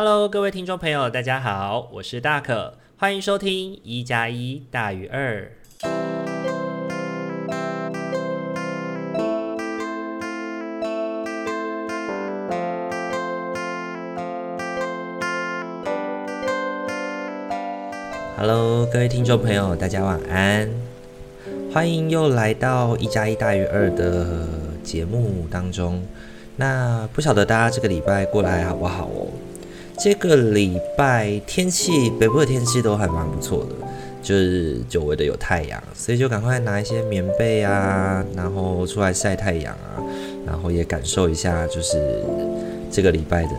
Hello，各位聽眾朋友，大家好，我是大可，歡迎收聽一加一大於二。Hello，各位聽眾朋友，大家晚安，歡迎又來到一加一大於二的節目當中。那不曉得大家這個禮拜過來好不好，好哦？這個禮拜天氣，北部的天氣都還蠻不錯的，就是久違的有太陽，所以就趕快拿一些棉被啊，然後出來晒太陽啊，然後也感受一下就是這個禮拜的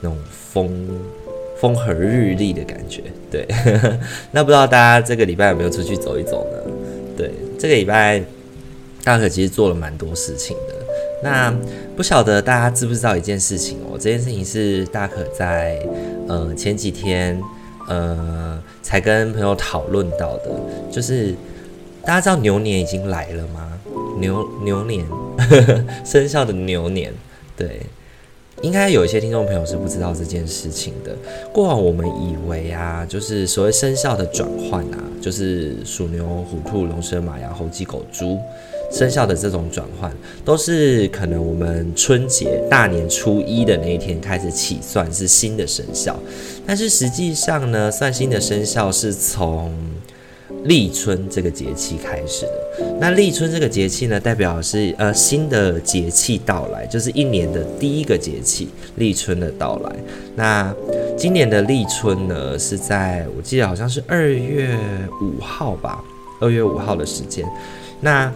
那種風風和日麗的感覺。對，呵呵，那不知道大家這個禮拜有沒有出去走一走呢？對，這個禮拜，大可其實做了蠻多事情的。那不曉得大家知不知道一件事情哦？這件事情是大可在呃前幾天呃才跟朋友討論到的，就是大家知道牛年已經來了嗎？牛牛年呵呵生肖的牛年，對，應該有一些聽眾朋友是不知道這件事情的。過往我們以為啊，就是所謂生肖的轉換啊，就是鼠、牛、虎、兔、龍、蛇、馬、羊、猴、雞、狗、豬。生肖的這種轉換都是可能，我們春節大年初一的那一天開始起算是新的生肖，但是實際上呢，算新的生肖是從立春這個節氣開始的。那立春這個節氣呢，代表是呃新的節氣到來，就是一年的第一個節氣，立春的到來。那今年的立春呢，是在我記得好像是二月五號吧，二月五號的時間，那。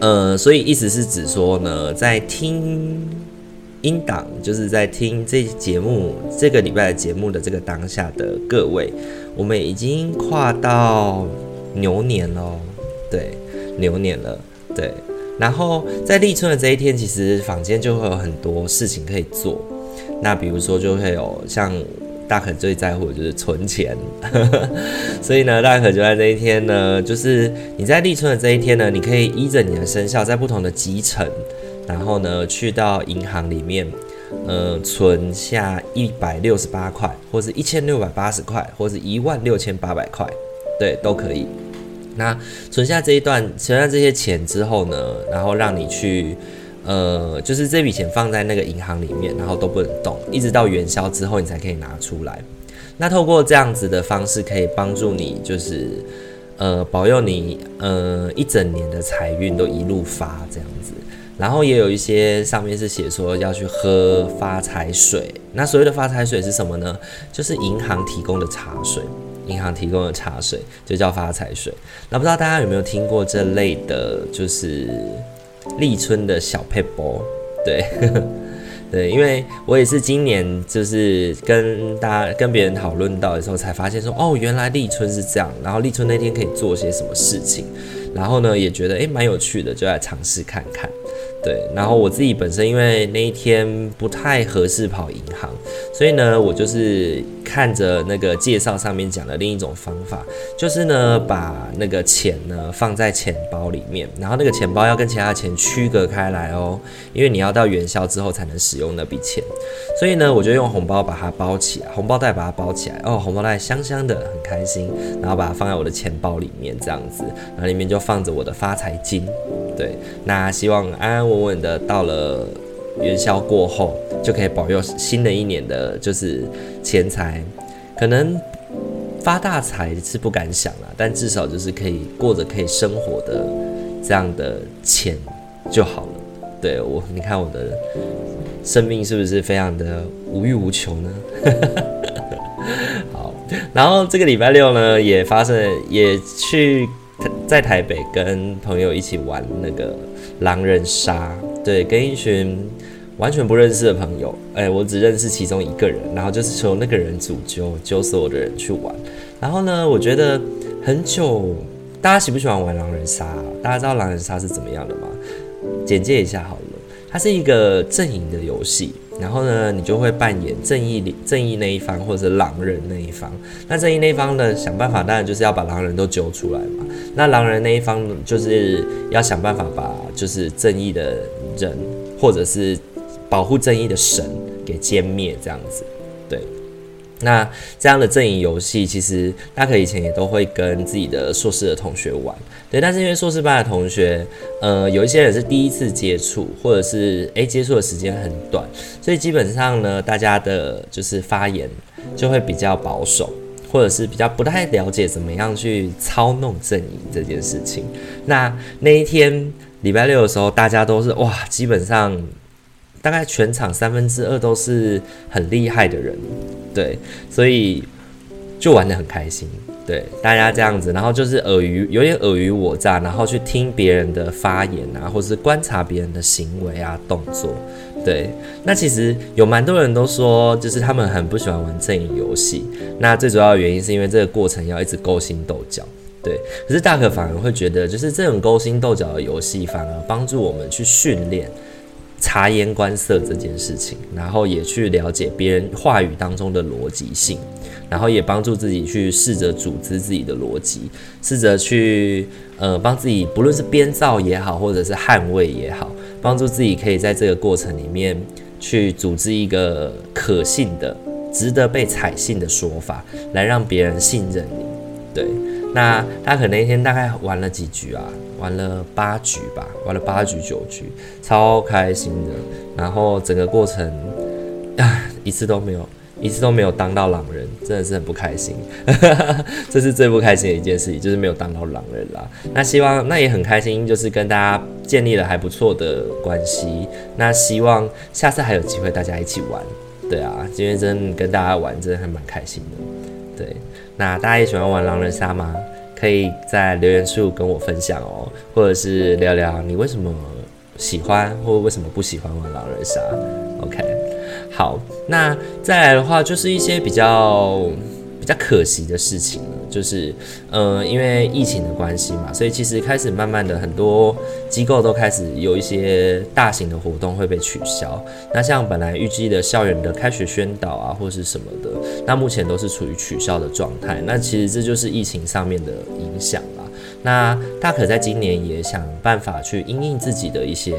呃，所以意思是指說呢，在聽音檔，就是在聽這節目這個禮拜的節目的這個當下的各位，我們也已經跨到牛年嘍，哦，對，牛年了，對。然後在立春的這一天，其實坊間就會有很多事情可以做，那比如說就會有像。大可最在乎的就是存錢， 所以呢，大可就在這一天呢，就是你在立春的這一天呢，你可以依着你的生肖，在不同的集成，然後呢，去到銀行裡面，呃，存下一百六十八塊，或者是一千六百八十塊，或者是一萬六千八百塊，對，都可以。那存下這一段，存下這些錢之後呢，然後讓你去。呃，就是這筆錢放在那個銀行裡面，然後都不能動，一直到元宵之後你才可以拿出來。那透過這樣子的方式，可以幫助你，就是呃保佑你，呃一整年的財運都一路發這樣子。然後也有一些上面是寫說要去喝發財水。那所謂的發財水是什麼呢？就是銀行提供的茶水，銀行提供的茶水就叫發財水。那不知道大家有沒有聽過這類的，就是。立春的小撇步，對呵呵對，因為我也是今年就是跟大家跟別人討論到的時候，才發現說哦，原來立春是這樣，然後立春那天可以做些什麼事情，然後呢也覺得誒，蠻有趣的，就來嘗試看看。對，然後我自己本身因為那一天不太合適跑銀行，所以呢，我就是看着那個介紹上面講的另一種方法，就是呢把那個錢呢放在錢包裡面，然後那個錢包要跟其他的錢區隔開來哦，因為你要到元宵之後才能使用那筆錢，所以呢，我就用紅包把它包起來，紅包袋把它包起來哦，紅包袋香香的，很開心，然後把它放在我的錢包裡面，這樣子，然後裡面就放着我的發財金。對，那希望安安穩穩的到了元宵過後，就可以保佑新的一年的就是錢財，可能發大財是不敢想了，但至少就是可以過着可以生活的這樣的錢就好了。對我，你看我的生命是不是非常的無欲無求呢？ 好，然後這個禮拜六呢，也發生，也去。在台北跟朋友一起玩那個狼人殺，對，跟一群完全不認識的朋友，哎、欸，我只認識其中一個人，然後就是求那個人主揪揪所有的人去玩。然後呢，我覺得很久，大家喜不喜歡玩狼人殺？啊？大家知道狼人殺是怎麼樣的嗎？簡介一下好了，它是一個陣營的遊戲。然後呢，你就會扮演正義裡正義那一方，或者是狼人那一方。那正義那一方呢，想辦法當然就是要把狼人都揪出來嘛。那狼人那一方就是要想辦法把就是正義的人，或者是保護正義的神給殲滅這樣子，對。那這樣的陣營遊戲，其實大可以前也都會跟自己的碩士的同學玩，對。但是因為碩士班的同學，呃，有一些人是第一次接觸，或者是誒、欸，接觸的時間很短，所以基本上呢，大家的就是發言就會比較保守，或者是比較不太了解怎麼樣去操弄陣營這件事情。那那一天禮拜六的時候，大家都是哇，基本上。大概全場三分之二都是很厲害的人，對，所以就玩得很開心，對，大家這樣子，然後就是爾虞，有點爾虞我詐，然後去聽別人的發言啊，或者是觀察別人的行為啊、動作，對。那其實有蠻多人都說，就是他們很不喜歡玩陣營遊戲，那最主要的原因是因為這個過程要一直勾心鬥角，對。可是大可反而會覺得，就是這種勾心鬥角的遊戲反而幫助我們去訓練察言觀色這件事情，然後也去了解別人話語當中的邏輯性，然後也幫助自己去試着組織自己的邏輯，試着去呃幫自己，不論是編造也好，或者是捍衛也好，幫助自己可以在這個過程裡面去組織一個可信的、值得被採信的說法，來讓別人信任你。對，那他可能那天大概玩了幾局啊？玩了八局吧，玩了八局九局，超開心的。然後整個過程，啊，一次都沒有，一次都沒有當到狼人，真的是很不開心。 這是最不開心的一件事情，就是沒有當到狼人啦。那希望，那也很開心，就是跟大家建立了還不錯的關係。那希望下次還有機會大家一起玩。對啊，今天真跟大家玩，真的還蠻開心的。對，那大家也喜歡玩狼人殺嗎？可以在留言處跟我分享哦，或者是聊聊你為什麼喜歡，或為什麼不喜歡玩狼人殺。OK，好，那再來的話就是一些比較。比較可惜的事情呢，就是，呃，因為疫情的關係嘛，所以其實開始慢慢的很多機構都開始有一些大型的活動會被取消。那像本來預計的校園的開學宣導啊，或是什麼的，那目前都是處於取消的狀態。那其實這就是疫情上面的影響了。那大可在今年也想辦法去因應自己的一些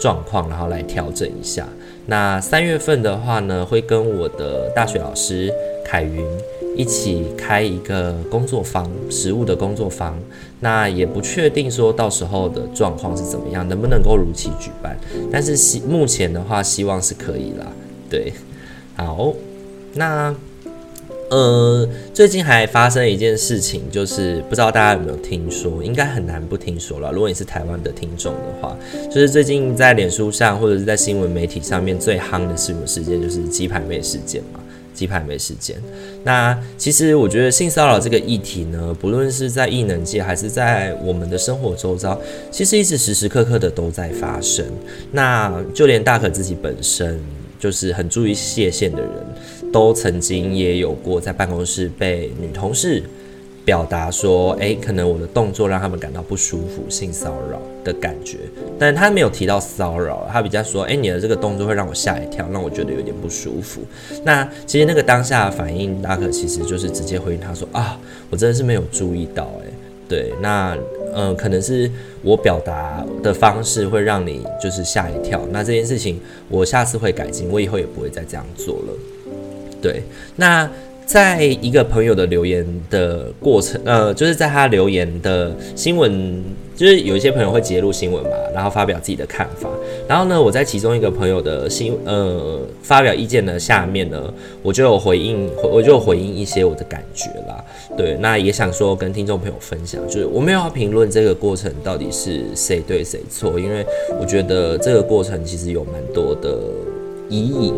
狀況，然後來調整一下。那三月份的話呢，會跟我的大學老師凱雲一起開一個工作坊，實務的工作坊。那也不確定說到時候的狀況是怎麼樣，能不能夠如期舉辦。但是希目前的話，希望是可以啦。對，好，那。呃、嗯，最近還發生一件事情，就是不知道大家有沒有聽說，應該很難不聽說了。如果你是台灣的聽眾的話，就是最近在臉書上或者是在新聞媒體上面最夯的是什麼事件？就是雞排妹事件嘛，雞排妹事件。那其實我覺得性騷擾這個議題呢，不論是在藝能界還是在我們的生活周遭，其實一直時時刻刻的都在發生。那就連大可自己本身就是很注意界限的人，都曾經也有過在辦公室被女同事表達說：“哎、欸，可能我的動作讓他們感到不舒服，性騷擾的感覺。”但他沒有提到騷擾，他比較說：“哎、欸，你的這個動作會讓我嚇一跳，讓我覺得有點不舒服。那”那其實那個當下的反應，大可其實就是直接回應他說：“啊，我真的是沒有注意到、欸，哎，對，那嗯、呃，可能是我表達的方式會讓你就是嚇一跳。那這件事情我下次會改進，我以後也不會再這樣做了。”對，那在一個朋友的留言的過程，呃，就是在他留言的新聞，就是有一些朋友會揭露新聞嘛，然後發表自己的看法。然後呢，我在其中一個朋友的新呃發表意見的下面呢，我就有回應，我就回應一些我的感覺啦。對，那也想說跟聽眾朋友分享，就是我沒有要評論這個過程到底是誰對誰錯，因為我覺得這個過程其實有蠻多的疑義。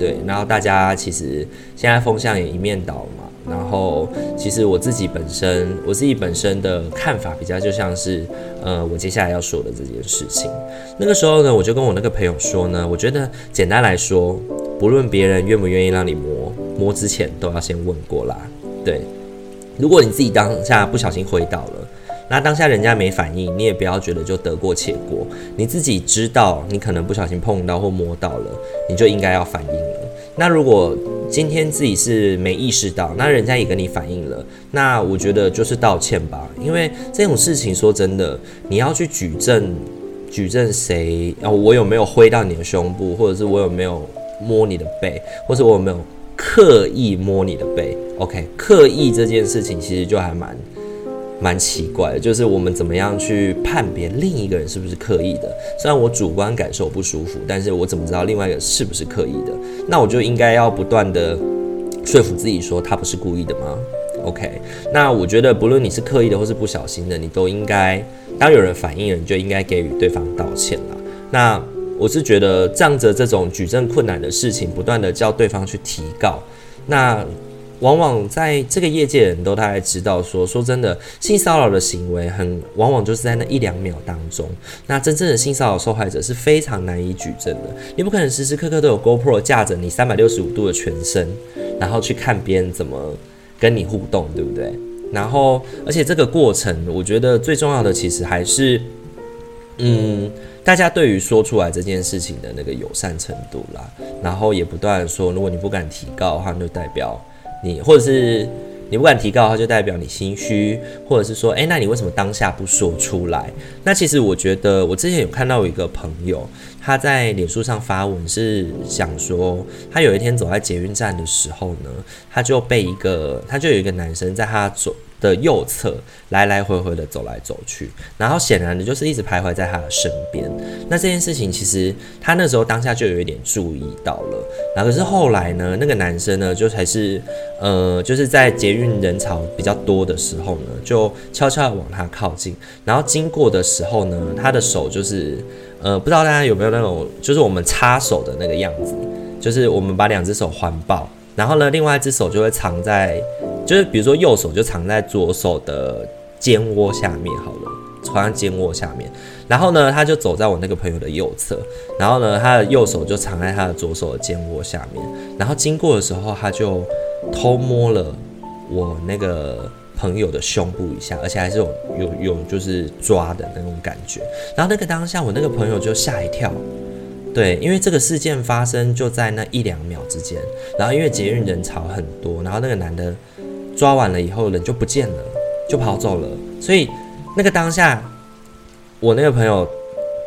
對，然後大家其實現在風向也一面倒嘛，然後其實我自己本身我自己本身的看法比較就像是，呃，我接下來要說的這件事情，那個時候呢，我就跟我那個朋友說呢，我覺得簡單來說，不論別人願不願意讓你摸摸之前都要先問過啦，對，如果你自己當下不小心揮到了，那當下人家沒反應，你也不要覺得就得過且過。你自己知道，你可能不小心碰到或摸到了，你就應該要反應了。那如果今天自己是沒意識到，那人家也跟你反應了，那我覺得就是道歉吧。因為這種事情，說真的，你要去舉證，舉證誰？哦，我有沒有揮到你的胸部，或者是我有沒有摸你的背，或者我有沒有刻意摸你的背？OK，刻意這件事情其實就還蠻。蠻奇怪的，就是我們怎麼樣去判別另一個人是不是刻意的？雖然我主觀感受不舒服，但是我怎麼知道另外一個是不是刻意的？那我就應該要不斷的說服自己說他不是故意的嗎？OK，那我覺得不論你是刻意的或是不小心的，你都應該當有人反應了，你就應該給予對方道歉了。那我是覺得仗着這種舉證困難的事情，不斷的叫對方去提告，那。往往在這個業界，人都大概知道說，說真的，性騷擾的行為很往往就是在那一兩秒當中。那真正的性騷擾受害者是非常難以舉證的，你不可能時時刻刻都有 GoPro 架着你三百六十五度的全身，然後去看別人怎麼跟你互動，對不對？然後，而且這個過程，我覺得最重要的其實還是，嗯，大家對於說出來這件事情的那個友善程度啦。然後也不斷說，如果你不敢提高的話，那就代表，你或者是你不敢提告的話就代表你心虛，或者是說，哎、欸，那你為什麼當下不說出來？那其實我覺得，我之前有看到有一個朋友，他在臉書上發文，是想說，他有一天走在捷運站的時候呢，他就被一個，他就有一個男生在他走的右側來來回回的走來走去，然後顯然的就是一直徘徊在他的身邊。那這件事情其實他那時候當下就有一點注意到了，那可是後來呢，那個男生呢就還是呃就是在捷運人潮比較多的時候呢，就悄悄地往他靠近，然後經過的時候呢，他的手就是呃不知道大家有沒有那種就是我們插手的那個樣子，就是我們把兩隻手環抱，然後呢另外一隻手就會藏在。就是比如說右手就藏在左手的肩窩下面好了，藏在肩窩下面。然後呢，他就走在我那個朋友的右側。然後呢，他的右手就藏在他的左手的肩窩下面。然後經過的時候，他就偷摸了我那個朋友的胸部一下，而且還是有有有就是抓的那種感覺。然後那個當下，我那個朋友就嚇一跳。對，因為這個事件發生就在那一兩秒之間。然後因為捷運人潮很多，然後那個男的。抓完了以後，人就不見了，就跑走了。所以那個當下，我那個朋友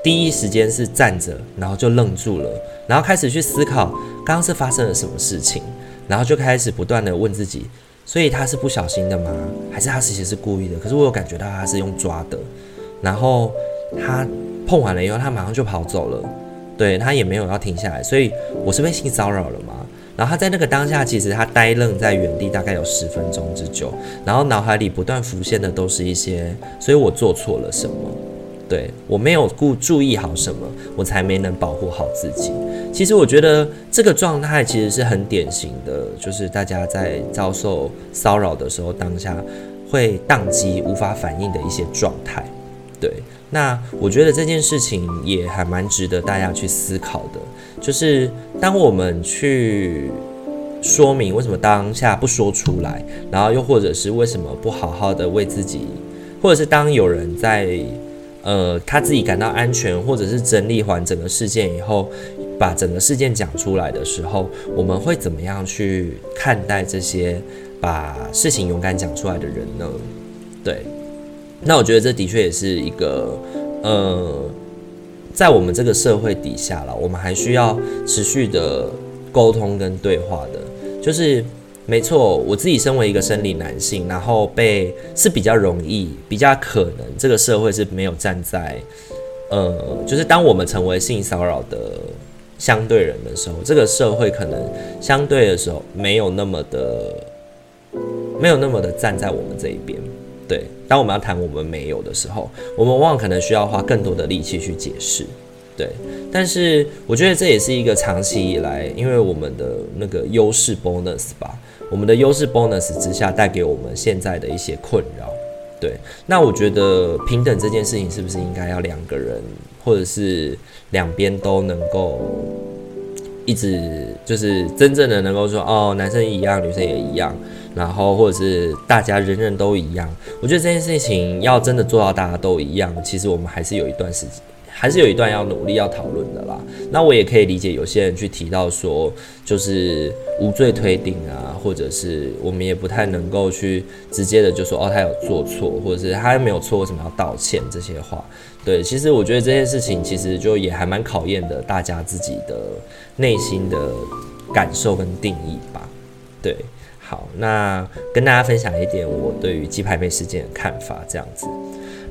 第一時間是站着，然後就愣住了，然後開始去思考剛剛是發生了什麼事情，然後就開始不斷的問自己，所以他是不小心的嗎？還是他其實是故意的？可是我有感覺到他是用抓的，然後他碰完了以後，他馬上就跑走了，對他也沒有要停下來。所以我是被性騷擾了嗎？然後他在那個當下，其實他呆愣在原地，大概有十分鐘之久。然後腦海裡不斷浮現的都是一些，所以我做錯了什麼？對，我沒有顧注意好什麼，我才沒能保護好自己。其實我覺得這個狀態其實是很典型的，就是大家在遭受騷擾的時候當下會當機、無法反應的一些狀態，對。那我覺得這件事情也還蠻值得大家去思考的，就是當我們去說明為什麼當下不說出來，然後又或者是為什麼不好好的為自己，或者是當有人在呃他自己感到安全，或者是整理完整個事件以後，把整個事件講出來的時候，我們會怎麼樣去看待這些把事情勇敢講出來的人呢？對。那我覺得這的確也是一個，呃，在我們這個社會底下啦，我們還需要持續的溝通跟對話的。就是沒錯，我自己身為一個生理男性，然後被是比較容易，比較可能，這個社會是沒有站在，呃，就是當我們成為性騷擾的相對人的時候，這個社會可能相對的時候沒有那麼的，沒有那麼的站在我們這一邊。對，當我們要談我們沒有的時候，我們往往可能需要花更多的力氣去解釋。對，但是我覺得這也是一個長期以來，因為我們的那個優勢 bonus 吧，我們的優勢 bonus 之下帶給我們現在的一些困擾。對，那我覺得平等這件事情是不是應該要兩個人或者是兩邊都能夠一直就是真正的能夠說哦，男生一樣，女生也一樣。然後，或者是大家人人都一樣，我覺得這件事情要真的做到大家都一樣，其實我們還是有一段時間，還是有一段要努力要討論的啦。那我也可以理解有些人去提到說，就是無罪推定啊，或者是我們也不太能夠去直接的就說哦，他有做錯，或者是他沒有錯，為什麼要道歉，這些話。對，其實我覺得這件事情其實就也還蠻考驗的大家自己的內心的感受跟定義吧，對。好，那跟大家分享一點我對於雞排妹事件的看法，這樣子。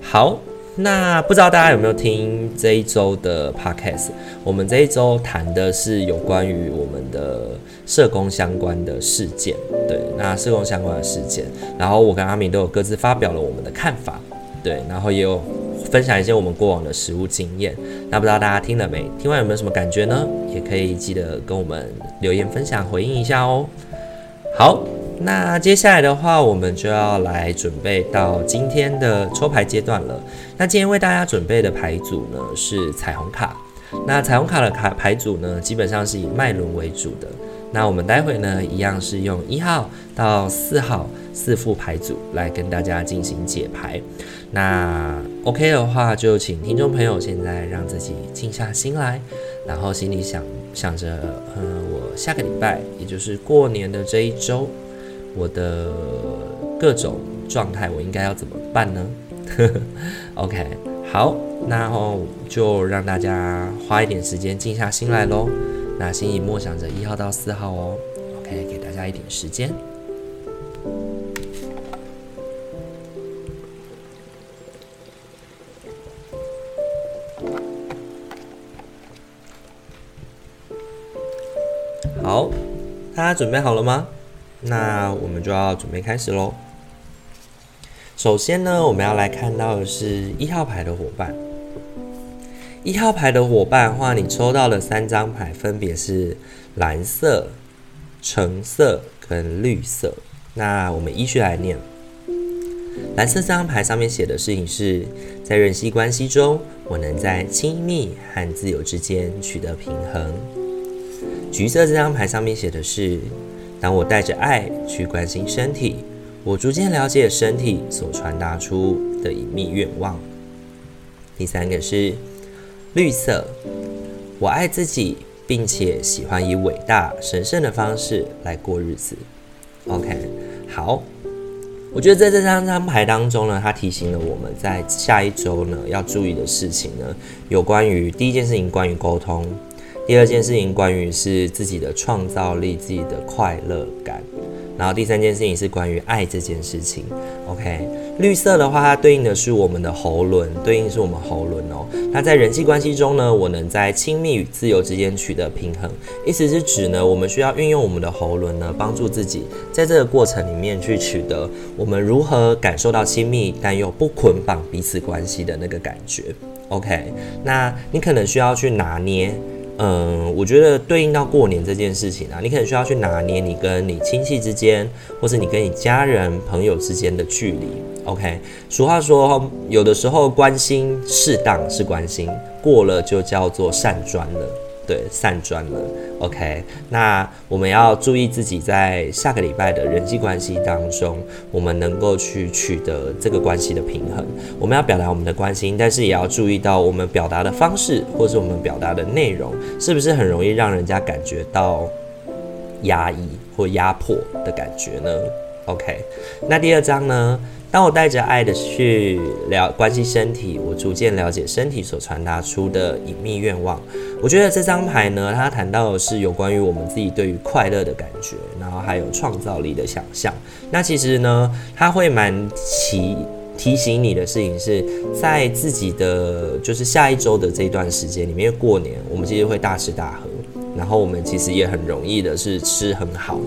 好，那不知道大家有沒有聽這一周的 podcast？我們這一周談的是有關於我們的社工相關的事件，對，那社工相關的事件。然後我跟阿明都有各自發表了我們的看法，對，然後也有分享一些我們過往的實務經驗。那不知道大家聽了沒？聽完有沒有什麼感覺呢？也可以記得跟我們留言分享回應一下哦。好，那接下來的話，我們就要來準備到今天的抽牌階段了。那今天為大家準備的牌組呢，是彩虹卡。那彩虹卡的卡牌組呢，基本上是以脈輪為主的。那我們待會呢，一樣是用一號到四號四副牌組來跟大家進行解牌。那 OK 的話，就請聽眾朋友現在讓自己靜下心來，然後心裡想想着，嗯。下個禮拜，也就是過年的這一周，我的各種狀態，我應該要怎麼辦呢 ？OK，好，那後就讓大家花一點時間靜下心來咯。那心裡默想着一號到四號哦。OK，給大家一點時間。大、啊、家準備好了嗎？那我們就要準備開始嘍。首先呢，我們要來看到的是一號牌的夥伴。一號牌的夥伴的話，你抽到了三張牌，分別是藍色、橙色跟綠色。那我們依序來念。藍色這張牌上面寫的事情是，在人際關係中，我能在親密和自由之間取得平衡。橘色這張牌上面寫的是：當我帶着愛去關心身體，我逐漸了解身體所傳達出的隱祕願望。第三個是綠色，我愛自己，並且喜歡以偉大神聖的方式來過日子。OK，好，我覺得在這張張牌當中呢，它提醒了我們在下一週呢要注意的事情呢，有關於第一件事情，關於溝通。第二件事情，關於是自己的創造力、自己的快樂感，然後第三件事情是關於愛這件事情。OK，綠色的話，它對應的是我們的喉輪，對應是我們喉輪哦、喔。那在人際關係中呢，我能在親密與自由之間取得平衡，意思是，指呢，我們需要運用我們的喉輪呢，幫助自己在這個過程裡面去取得我們如何感受到親密，但又不捆綁彼此關係的那個感覺。OK，那你可能需要去拿捏。嗯，我覺得對應到過年這件事情啊，你可能需要去拿捏你跟你親戚之間，或是你跟你家人、朋友之間的距離。OK，俗話說，有的時候關心適當是關心，過了就叫做善專了。對，散磚了。OK，那我們要注意自己在下個禮拜的人際關係當中，我們能夠去取得這個關係的平衡。我們要表達我們的關心，但是也要注意到我們表達的方式，或是我們表達的內容，是不是很容易讓人家感覺到壓抑或壓迫的感覺呢？OK，那第二張呢？當我帶着愛的去了關心身體，我逐漸了解身體所傳達出的隱秘願望。我覺得這張牌呢，它談到的是有關於我們自己對於快樂的感覺，然後還有創造力的想象。那其實呢，它會蠻提提醒你的事情是，是在自己的就是下一周的這段時間裡面，過年我們其實會大吃大喝。然後我們其實也很容易的是吃很好，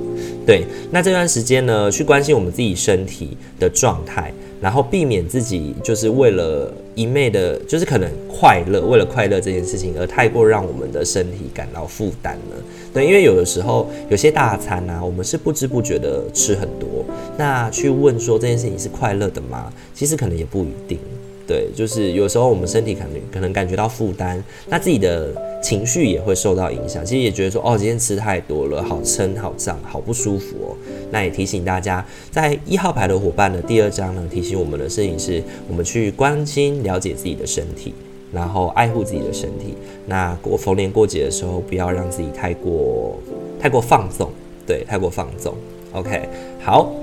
對。那這段時間呢，去關心我們自己身體的狀態，然後避免自己就是為了一昧的，就是可能快樂，為了快樂這件事情而太過讓我們的身體感到負擔了。對，因為有的時候有些大餐啊，我們是不知不覺的吃很多。那去問說這件事情是快樂的嗎？其實可能也不一定。對，就是有時候我們身體可能可能感覺到負擔，那自己的情緒也會受到影響。其實也覺得說，哦，今天吃太多了，好撐，好脹，好不舒服哦。那也提醒大家，在一號牌的夥伴的第二張呢，提醒我們的事情是，我們去關心了解自己的身體，然後愛護自己的身體。那過逢年過節的時候，不要讓自己太過太過放縱，對，太過放縱。OK，好，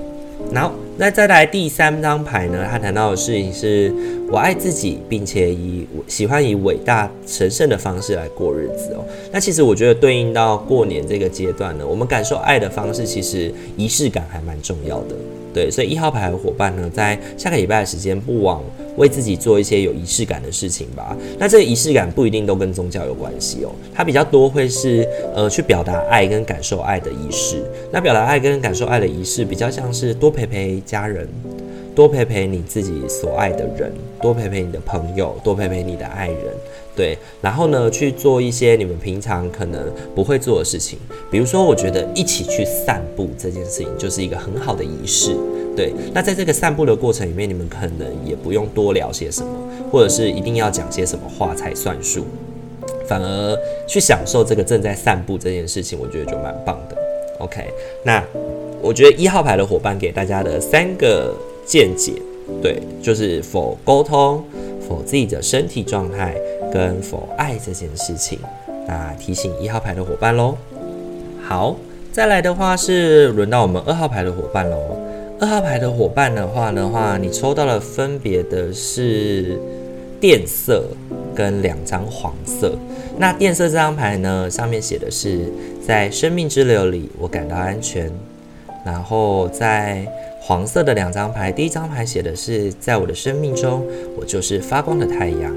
然後，那再來第三張牌呢，他談到的事情是。我愛自己，並且以我喜歡以偉大神聖的方式來過日子哦。那其實我覺得對應到過年這個階段呢，我們感受愛的方式，其實儀式感還蠻重要的。對，所以一號牌的夥伴呢，在下個禮拜的時間，不枉為自己做一些有儀式感的事情吧。那這個儀式感不一定都跟宗教有關係哦，它比較多會是呃去表達愛跟感受愛的儀式。那表達愛跟感受愛的儀式，比較像是多陪陪家人，多陪陪你自己所愛的人，多陪陪你的朋友，多陪陪你的愛人，對。然後呢，去做一些你們平常可能不會做的事情，比如說，我覺得一起去散步這件事情就是一個很好的儀式，對。那在這個散步的過程裡面，你們可能也不用多聊些什麼，或者是一定要講些什麼話才算數，反而去享受這個正在散步這件事情，我覺得就蠻棒的。OK，那我覺得一號牌的夥伴給大家的三個。見解，對，就是否溝通，否自己的身體狀態跟否愛這件事情，那提醒一號牌的夥伴嘍。好，再來的話是輪到我們二號牌的夥伴嘍。二號牌的夥伴的話的話，你抽到了分別的是靛色跟兩張黃色。那靛色這張牌呢，上面寫的是，在生命之流裡我感到安全，然後在。黃色的兩張牌，第一張牌寫的是“在我的生命中，我就是發光的太陽”，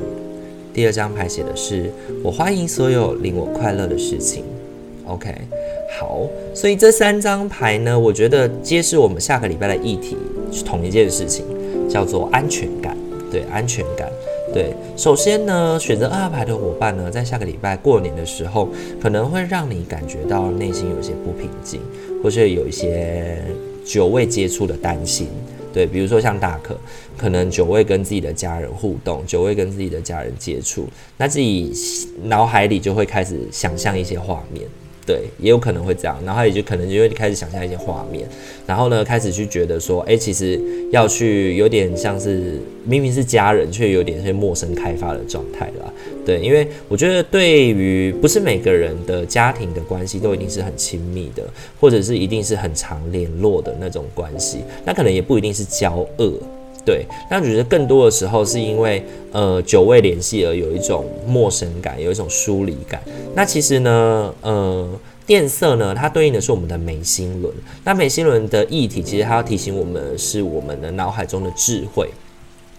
第二張牌寫的是“我歡迎所有令我快樂的事情”。OK，好，所以這三張牌呢，我覺得揭示我們下個禮拜的議題，是同一件事情，叫做安全感。對，安全感。對，首先呢，選擇二號牌的夥伴呢，在下個禮拜過年的時候，可能會讓你感覺到內心有些不平靜，或者有一些。久未接觸的擔心，對，比如說像大可，可能久未跟自己的家人互動，久未跟自己的家人接觸，那自己腦海裡就會開始想象一些畫面，對，也有可能會這樣，腦海裡就可能就會開始想象一些畫面，然後呢，開始去覺得說，哎、欸，其實要去有點像是明明是家人，卻有點是陌生開發的狀態啦。對，因為我覺得對於不是每個人的家庭的關係都一定是很親密的，或者是一定是很常聯絡的那種關係，那可能也不一定是交惡。對，那我覺得更多的時候是因為呃久未聯繫而有一種陌生感，有一種疏離感。那其實呢，呃，靛色呢，它對應的是我們的眉心輪。那眉心輪的議題其實它要提醒我們的是我們的腦海中的智慧。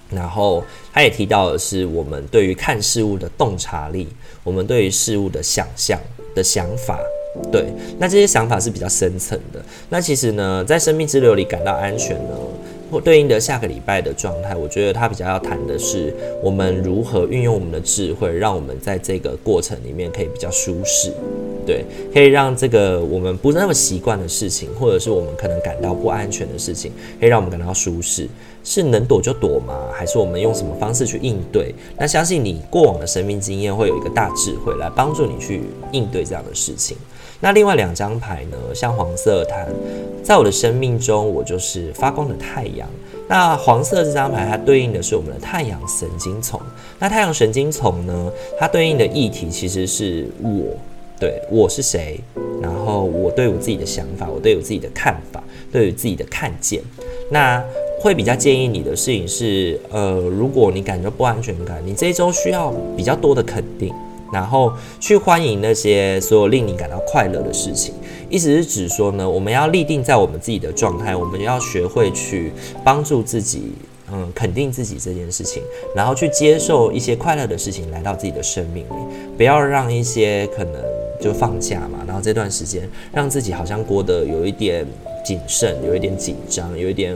然後，他也提到的是我們對於看事物的洞察力，我們對於事物的想象的想法，對，那這些想法是比較深層的。那其實呢，在生命之流裡感到安全呢，或對應的下個禮拜的狀態，我覺得他比較要談的是我們如何運用我們的智慧，讓我們在這個過程裡面可以比較舒適。對，可以讓這個我們不那麼習慣的事情，或者是我們可能感到不安全的事情，可以讓我們感到舒適。是能躲就躲嗎？還是我們用什麼方式去應對？那相信你過往的生命經驗會有一個大智慧來幫助你去應對這樣的事情。那另外兩張牌呢？像黃色它，它在我的生命中，我就是發光的太陽。那黃色這張牌，它對應的是我們的太陽神經叢。那太陽神經叢呢，它對應的議題其實是我。對，我是誰？然後我對我自己的想法，我對我自己的看法，對於自己的看見，那會比較建議你的事情是，呃，如果你感覺不安全感，你這一周需要比較多的肯定，然後去歡迎那些所有令你感到快樂的事情。意思是指說呢，我們要立定在我們自己的狀態，我們要學會去幫助自己，嗯，肯定自己這件事情，然後去接受一些快樂的事情來到自己的生命裡，不要讓一些可能。就放假嘛，然後這段時間讓自己好像過得有一點謹慎，有一點緊張，有一點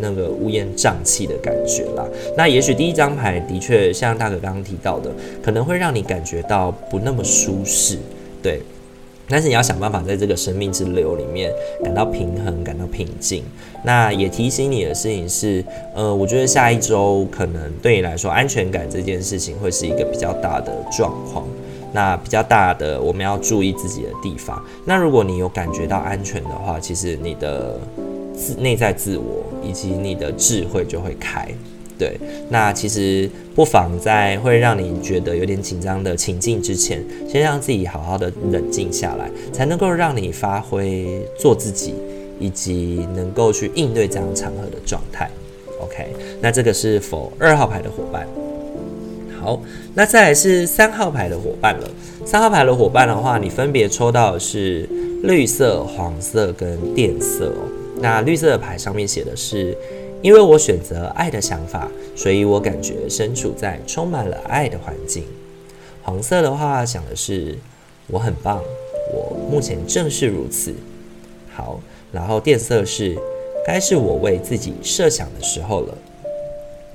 那個烏煙瘴氣的感覺啦。那也許第一張牌的確像大可剛剛提到的，可能會讓你感覺到不那麼舒適，對。但是你要想辦法在這個生命之流裡面感到平衡，感到平靜。那也提醒你的事情是，呃，我覺得下一周可能對你來說安全感這件事情會是一個比較大的狀況。那比較大的，我們要注意自己的地方。那如果你有感覺到安全的話，其實你的自內在自我以及你的智慧就會開。對，那其實不妨在會讓你覺得有點緊張的情境之前，先讓自己好好的冷靜下來，才能夠讓你發揮做自己，以及能夠去應對這樣場合的狀態。OK，那這個是 for 二號牌的夥伴？好，那再來是三號牌的夥伴了。三號牌的夥伴的話，你分別抽到的是綠色、黃色跟靛色。那綠色的牌上面寫的是：因為我選擇愛的想法，所以我感覺身處在充滿了愛的環境。黃色的話想的是：我很棒，我目前正是如此。好，然後靛色是該是我為自己設想的時候了。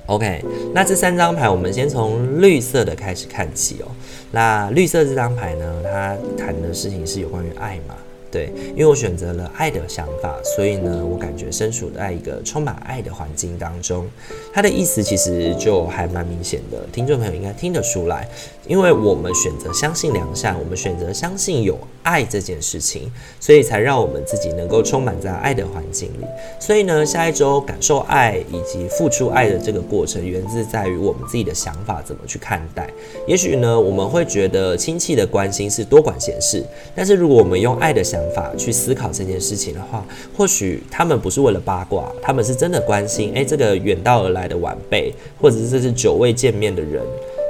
OK，那這三張牌，我們先從綠色的開始看起哦。那綠色這張牌呢，它談的事情是有關於愛嘛？對，因為我選擇了愛的想法，所以呢，我感覺身處在一個充滿愛的環境當中。它的意思其實就還蠻明顯的，聽眾朋友應該聽得出來。因為我們選擇相信良善，我們選擇相信有愛這件事情，所以才讓我們自己能夠充滿在愛的環境裡。所以呢，下一週感受愛以及付出愛的這個過程，源自在於我們自己的想法怎麼去看待。也許呢，我們會覺得親戚的關心是多管閒事，但是如果我們用愛的想。想法去思考這件事情的話，或許他們不是為了八卦，他們是真的關心。誒、欸，這個遠道而來的晚輩，或者是這是久未見面的人，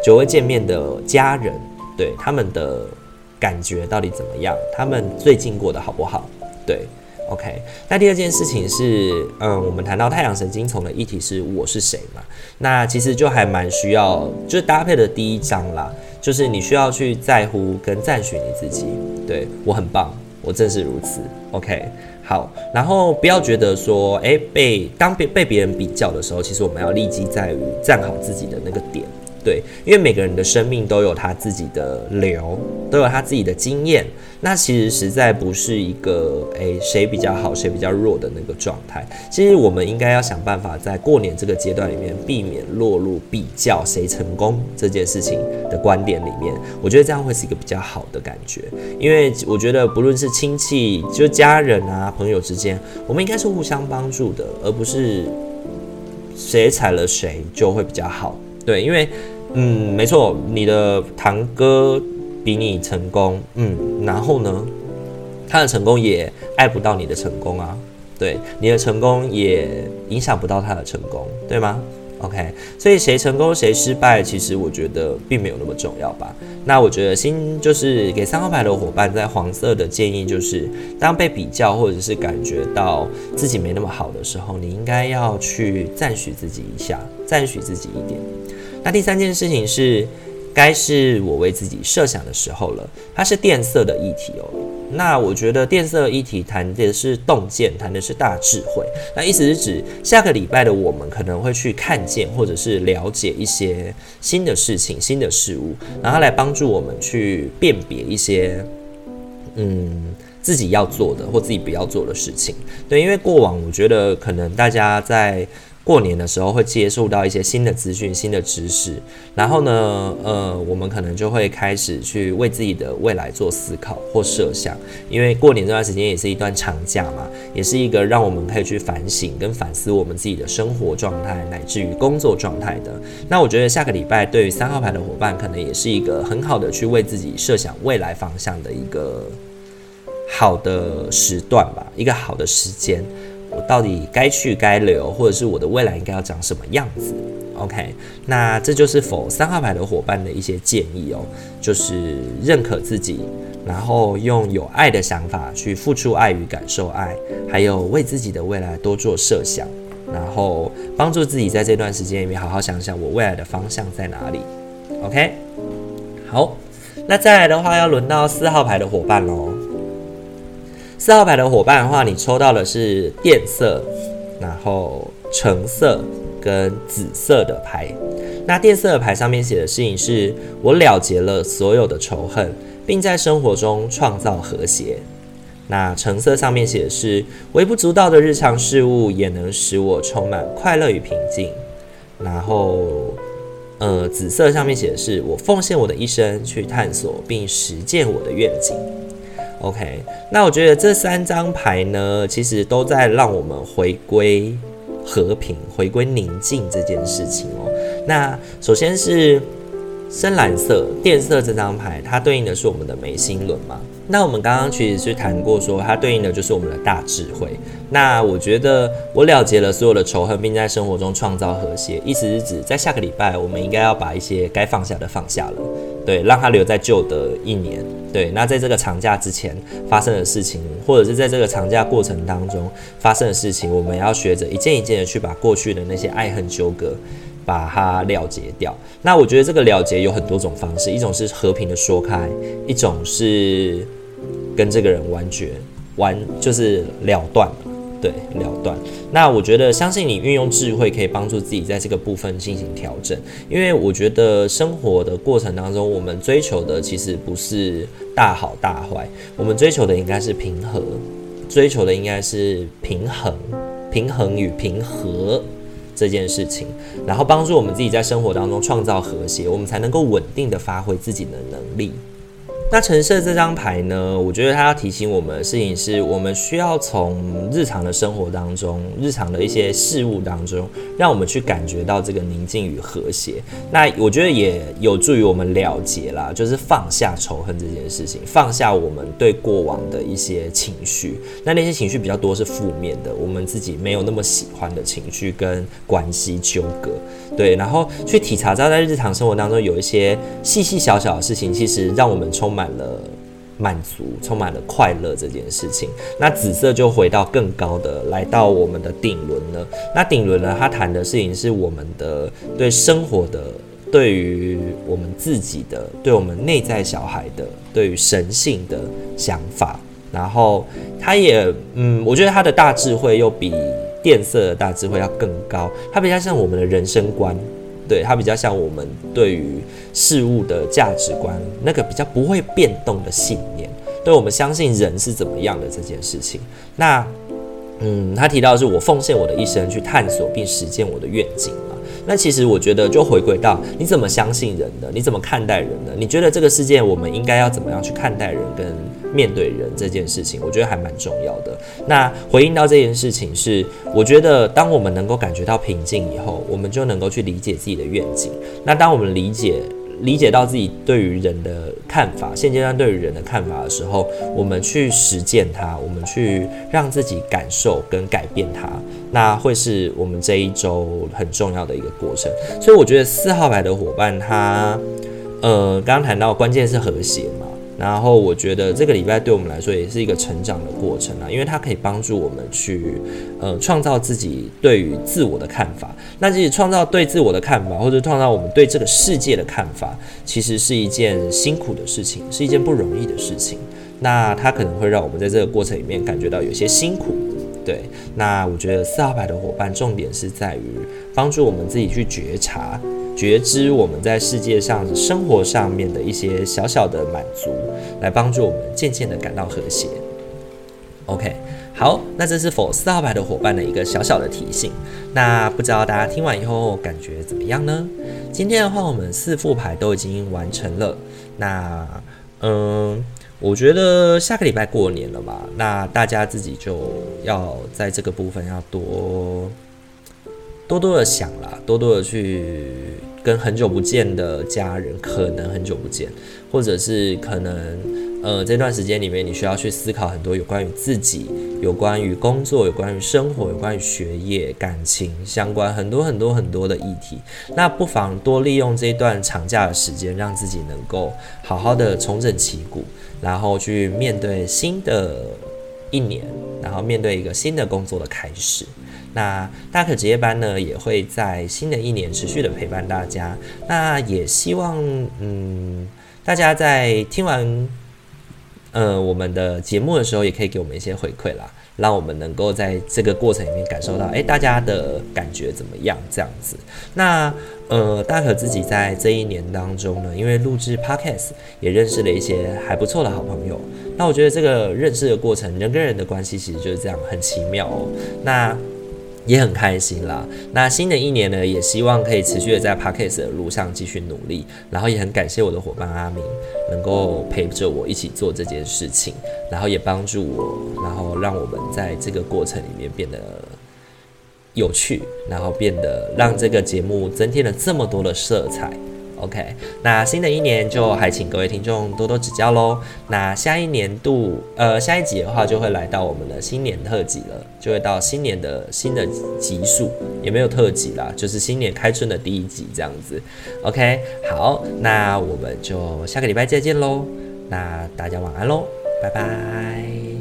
久未見面的家人，對他們的感覺到底怎麼樣？他們最近過得好不好？對，OK。那第二件事情是，嗯，我們談到太陽神經叢的議題是我是誰嘛？那其實就還蠻需要，就搭配的第一章啦，就是你需要去在乎跟讚許你自己。對，我很棒。我正是如此。OK，好，然後不要覺得說，哎，被當別被，被別人比較的時候，其實我們要立即在於站好自己的那個點。對，因為每個人的生命都有他自己的流，都有他自己的經驗。那其實實在不是一個誒，誰比較好，誰比較弱的那個狀態。其實我們應該要想辦法在過年這個階段裡面，避免落入比較誰成功這件事情的觀點裡面。我覺得這樣會是一個比較好的感覺，因為我覺得不論是親戚、就家人啊、朋友之間，我們應該是互相幫助的，而不是誰踩了誰就會比較好。對，因為嗯，沒錯，你的堂哥比你成功，嗯，然後呢，他的成功也愛不到你的成功啊，對，你的成功也影響不到他的成功，對嗎？OK，所以誰成功誰失敗，其實我覺得並沒有那麼重要吧。那我覺得新就是給三號牌的夥伴在黃色的建議就是，當被比較或者是感覺到自己沒那麼好的時候，你應該要去讚許自己一下，讚許自己一點。那第三件事情是，該是我為自己設想的時候了。它是靛色的議題哦。那我覺得靛色議題談的是洞見，談的是大智慧。那意思是指下個禮拜的我們可能會去看見，或者是了解一些新的事情、新的事物，然後來幫助我們去辨別一些嗯自己要做的或自己不要做的事情。對，因為過往我覺得可能大家在。過年的時候會接觸到一些新的資訊、新的知識，然後呢，呃，我們可能就會開始去為自己的未來做思考或設想。因為過年這段時間也是一段長假嘛，也是一個讓我們可以去反省跟反思我們自己的生活狀態，乃至於工作狀態的。那我覺得下個禮拜對於三號牌的伙伴，可能也是一個很好的去為自己設想未來方向的一個好的時段吧，一個好的時間。到底該去該留，或者是我的未來應該要長什麼樣子？OK，那這就是 for 三號牌的夥伴的一些建議哦，就是認可自己，然後用有愛的想法去付出愛與感受愛，還有為自己的未來多做設想，然後幫助自己在這段時間裡面好好想想我未來的方向在哪裡。OK，好，那再來的話要輪到四號牌的夥伴嘍。四號牌的夥伴的話，你抽到的是靛色，然後橙色跟紫色的牌。那靛色牌上面寫的是我了結了所有的仇恨，並在生活中創造和諧。那橙色上面寫的是微不足道的日常事物也能使我充滿快樂與平靜。然後，呃，紫色上面寫的是我奉獻我的一生去探索並實踐我的願景。OK，那我覺得這三張牌呢，其實都在讓我們回歸和平、回歸寧靜這件事情哦。那首先是深藍色、靛色這張牌，它對應的是我們的眉心輪嘛。那我們剛剛其實是談過，說它對應的就是我們的大智慧。那我覺得我了結了所有的仇恨，並在生活中創造和諧，意思是指在下個禮拜，我們應該要把一些該放下的放下了，對，讓它留在舊的一年。對，那在這個長假之前發生的事情，或者是在這個長假過程當中發生的事情，我們要學着一件一件的去把過去的那些愛恨糾葛把它了結掉。那我覺得這個了結有很多種方式，一種是和平的說開，一種是。跟這個人完全完就是了斷，對，了斷。那我覺得，相信你運用智慧可以幫助自己在這個部分進行調整。因為我覺得生活的過程當中，我們追求的其實不是大好大壞，我們追求的應該是平和，追求的應該是平衡，平衡與平和這件事情，然後幫助我們自己在生活當中創造和諧，我們才能夠穩定的發揮自己的能力。那橙色這張牌呢？我覺得它要提醒我們的事情是，我們需要從日常的生活當中、日常的一些事物當中，讓我們去感覺到這個寧靜與和諧。那我覺得也有助於我們了解啦，就是放下仇恨這件事情，放下我們對過往的一些情緒。那那些情緒比較多是負面的，我們自己沒有那麼喜歡的情緒跟關係糾葛，對。然後去體察到在日常生活當中有一些細細小小的事情，其實讓我們充滿。滿了滿足，充滿了快樂這件事情。那紫色就回到更高的，來到我們的頂輪了。那頂輪呢？他談的事情是我們的對生活的，對於我們自己的，對我們內在小孩的，對於神性的想法。然後，他也，嗯，我覺得他的大智慧又比靛色的大智慧要更高，它比較像我們的人生觀。對，他比較像我們對於事物的價值觀，那個比較不會變動的信念，對，我們相信人是怎麼樣的這件事情。那，嗯，他提到的是，我奉獻我的一生去探索並實踐我的願景。那其實我覺得，就回歸到你怎麼相信人的，你怎麼看待人的，你覺得這個世界我們應該要怎麼樣去看待人跟面對人這件事情，我覺得還蠻重要的。那回應到這件事情是，我覺得當我們能夠感覺到平靜以後，我們就能夠去理解自己的願景。那當我們理解。理解到自己對於人的看法，現階段對於人的看法的時候，我們去實踐它，我們去讓自己感受跟改變它，那會是我們這一周很重要的一個過程。所以我覺得四號牌的夥伴他，他呃，剛剛談到，關鍵是和諧嘛。然後我覺得這個禮拜對我們來說也是一個成長的過程啊，因為它可以幫助我們去，呃，創造自己對於自我的看法。那自己創造對自我的看法，或者創造我們對這個世界的看法，其實是一件辛苦的事情，是一件不容易的事情。那它可能會讓我們在這個過程裡面感覺到有些辛苦。對，那我覺得四號牌的夥伴，重點是在於幫助我們自己去覺察。覺知我們在世界上的生活上面的一些小小的滿足，來幫助我們漸漸的感到和諧。OK，好，那這是 for 四號牌的夥伴的一個小小的提醒。那不知道大家聽完以後感覺怎麼樣呢？今天的話，我們四副牌都已經完成了。那嗯，我覺得下個禮拜過年了嘛，那大家自己就要在這個部分要多多多的想了，多多的去。跟很久不見的家人，可能很久不見，或者是可能，呃，這段時間裡面你需要去思考很多有關於自己、有關於工作、有關於生活、有關於學業、感情相關很多很多很多的議題。那不妨多利用這段長假的時間，讓自己能夠好好的重整旗鼓，然後去面對新的一年，然後面對一個新的工作的開始。那大可值夜班呢，也會在新的一年持續的陪伴大家。那也希望，嗯，大家在聽完，呃，我們的節目的時候，也可以給我們一些回饋啦，讓我們能夠在這個過程裡面感受到，哎、欸，大家的感覺怎麼樣？這樣子。那，呃，大可自己在這一年當中呢，因為錄制 Podcast，也認識了一些還不錯的好朋友。那我覺得這個認識的過程，人跟人的關係其實就是這樣，很奇妙哦。那。也很開心啦。那新的一年呢，也希望可以持續的在 podcast 的路上繼續努力。然後也很感謝我的夥伴阿明，能夠陪着我一起做這件事情，然後也幫助我，然後讓我們在這個過程裡面變得有趣，然後變得讓這個節目增添了這麼多的色彩。OK，那新的一年就還請各位聽眾多多指教嘍。那下一年度，呃，下一集的話就會來到我們的新年特輯了，就會到新年的新的集數，也沒有特輯啦，就是新年開春的第一集這樣子。OK，好，那我們就下個禮拜再見嘍。那大家晚安嘍，拜拜。